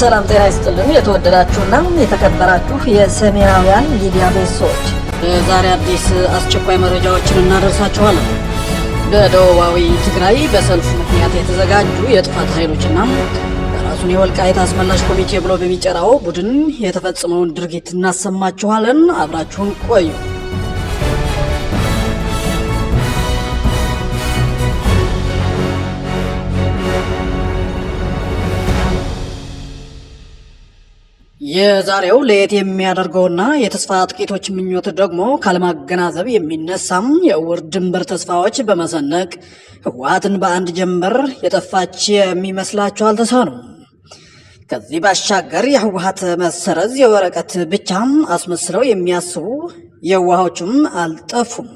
ሰላም ጤና ይስጥልን። የተወደዳችሁና የተከበራችሁ የሰሜናውያን ሚዲያ ቤተሰቦች ዛሬ አዲስ አስቸኳይ መረጃዎችን እናደርሳችኋለን። በደቡባዊ ትግራይ በሰልፍ ምክንያት የተዘጋጁ የጥፋት ኃይሎችና ራሱን የወልቃይት አስመላሽ ኮሚቴ ብሎ በሚጠራው ቡድን የተፈጸመውን ድርጊት እናሰማችኋለን። አብራችሁን ቆዩ። የዛሬው ለየት የሚያደርገውና የተስፋ ጥቂቶች ምኞት ደግሞ ካለማገናዘብ የሚነሳም የእውር ድንበር ተስፋዎች በመሰነቅ ህወሓትን በአንድ ጀንበር የጠፋች የሚመስላቸው አልተሳኑም። ከዚህ ባሻገር የህወሓት መሰረዝ የወረቀት ብቻም አስመስለው የሚያስቡ የዋሆቹም አልጠፉም።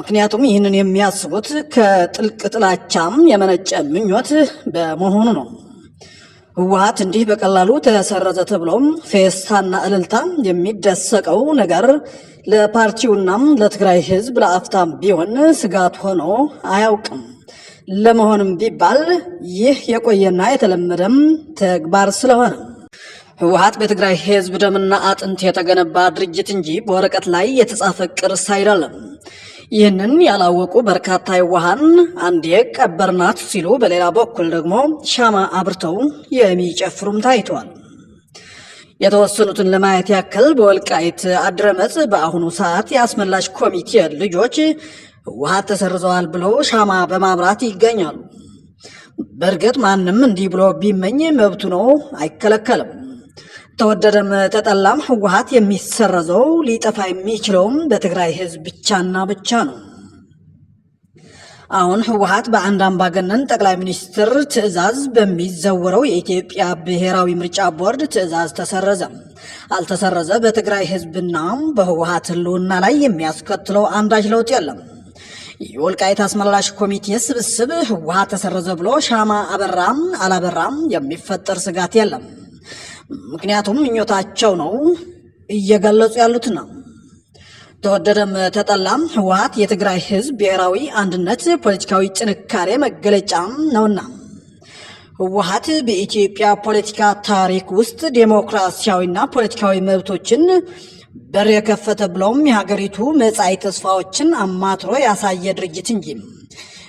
ምክንያቱም ይህንን የሚያስቡት ከጥልቅ ጥላቻም የመነጨ ምኞት በመሆኑ ነው። ህወሓት እንዲህ በቀላሉ ተሰረዘ ተብሎም ፌስታና እልልታ የሚደሰቀው ነገር ለፓርቲውና ለትግራይ ህዝብ ለአፍታም ቢሆን ስጋት ሆኖ አያውቅም። ለመሆንም ቢባል ይህ የቆየና የተለመደም ተግባር ስለሆነ ህወሓት በትግራይ ህዝብ ደምና አጥንት የተገነባ ድርጅት እንጂ በወረቀት ላይ የተጻፈ ቅርስ አይደለም። ይህንን ያላወቁ በርካታ የዋሃን አንዴ የቀበርናት ሲሉ፣ በሌላ በኩል ደግሞ ሻማ አብርተው የሚጨፍሩም ታይተዋል። የተወሰኑትን ለማየት ያክል በወልቃይት አድረመጽ በአሁኑ ሰዓት የአስመላሽ ኮሚቴ ልጆች ህወሓት ተሰርዘዋል ብለው ሻማ በማብራት ይገኛሉ። በእርግጥ ማንም እንዲህ ብሎ ቢመኝ መብቱ ነው፣ አይከለከልም። ተወደደም ተጠላም ህወሀት የሚሰረዘው ሊጠፋ የሚችለውም በትግራይ ህዝብ ብቻና ብቻ ነው። አሁን ህወሀት በአንድ አምባገነን ጠቅላይ ሚኒስትር ትዕዛዝ በሚዘውረው የኢትዮጵያ ብሔራዊ ምርጫ ቦርድ ትዕዛዝ ተሰረዘ አልተሰረዘ በትግራይ ህዝብና በህወሀት ህልውና ላይ የሚያስከትለው አንዳች ለውጥ የለም። የወልቃይት አስመላሽ ኮሚቴ ስብስብ ህወሀት ተሰረዘ ብሎ ሻማ አበራም አላበራም የሚፈጠር ስጋት የለም። ምክንያቱም ምኞታቸው ነው እየገለጹ ያሉት ነው። ተወደደም ተጠላም ህወሀት የትግራይ ህዝብ ብሔራዊ አንድነት ፖለቲካዊ ጥንካሬ መገለጫ ነውና ህወሀት በኢትዮጵያ ፖለቲካ ታሪክ ውስጥ ዴሞክራሲያዊና ፖለቲካዊ መብቶችን በር የከፈተ ብለውም የሀገሪቱ መጻኢ ተስፋዎችን አማትሮ ያሳየ ድርጅት እንጂ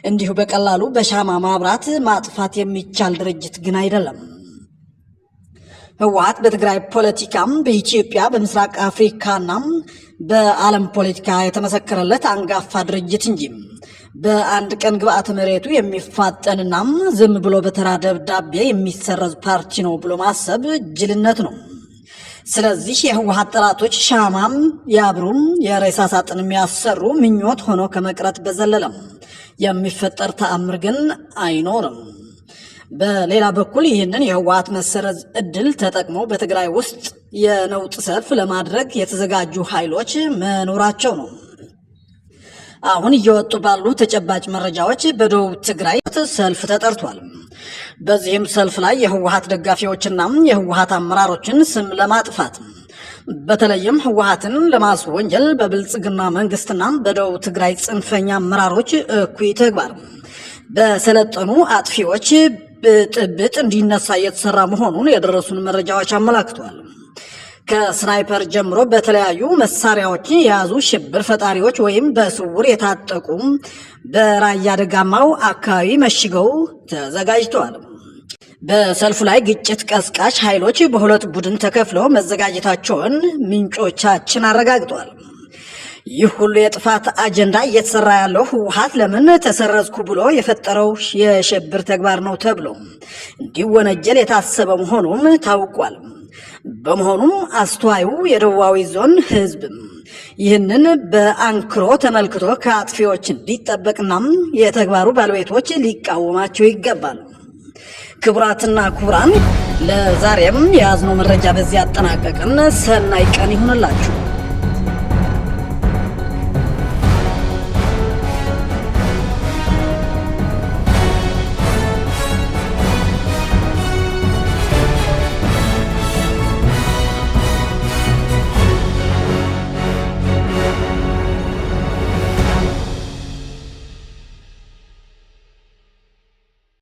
እንዲሁ በቀላሉ በሻማ ማብራት ማጥፋት የሚቻል ድርጅት ግን አይደለም። ህወሓት በትግራይ ፖለቲካም በኢትዮጵያ በምስራቅ አፍሪካና በዓለም ፖለቲካ የተመሰከረለት አንጋፋ ድርጅት እንጂ በአንድ ቀን ግብአተ መሬቱ የሚፋጠንና ዝም ብሎ በተራ ደብዳቤ የሚሰረዝ ፓርቲ ነው ብሎ ማሰብ ጅልነት ነው። ስለዚህ የህወሓት ጠላቶች ሻማም ያብሩም የሬሳ ሳጥን የሚያሰሩ ምኞት ሆኖ ከመቅረት በዘለለም የሚፈጠር ተአምር ግን አይኖርም። በሌላ በኩል ይህንን የህወሓት መሰረዝ እድል ተጠቅመው በትግራይ ውስጥ የነውጥ ሰልፍ ለማድረግ የተዘጋጁ ኃይሎች መኖራቸው ነው። አሁን እየወጡ ባሉ ተጨባጭ መረጃዎች በደቡብ ትግራይ ሰልፍ ተጠርቷል። በዚህም ሰልፍ ላይ የህወሓት ደጋፊዎችና የህወሓት አመራሮችን ስም ለማጥፋት በተለይም ህወሓትን ለማስወንጀል በብልጽግና መንግስትና በደቡብ ትግራይ ጽንፈኛ አመራሮች እኩይ ተግባር በሰለጠኑ አጥፊዎች ብጥብጥ እንዲነሳ እየተሰራ መሆኑን የደረሱን መረጃዎች አመላክቷል። ከስናይፐር ጀምሮ በተለያዩ መሳሪያዎችን የያዙ ሽብር ፈጣሪዎች ወይም በስውር የታጠቁ በራያ ደጋማው አካባቢ መሽገው ተዘጋጅተዋል። በሰልፉ ላይ ግጭት ቀስቃሽ ኃይሎች በሁለት ቡድን ተከፍለው መዘጋጀታቸውን ምንጮቻችን አረጋግጠዋል። ይህ ሁሉ የጥፋት አጀንዳ እየተሰራ ያለው ህወሓት ለምን ተሰረዝኩ ብሎ የፈጠረው የሽብር ተግባር ነው ተብሎ እንዲወነጀል የታሰበ መሆኑም ታውቋል። በመሆኑም አስተዋዩ የደቡባዊ ዞን ህዝብ ይህንን በአንክሮ ተመልክቶ ከአጥፊዎች እንዲጠበቅና የተግባሩ ባለቤቶች ሊቃወማቸው ይገባል። ክቡራትና ክቡራን፣ ለዛሬም የያዝነው መረጃ በዚህ አጠናቀቅን። ሰናይ ቀን ይሁንላችሁ።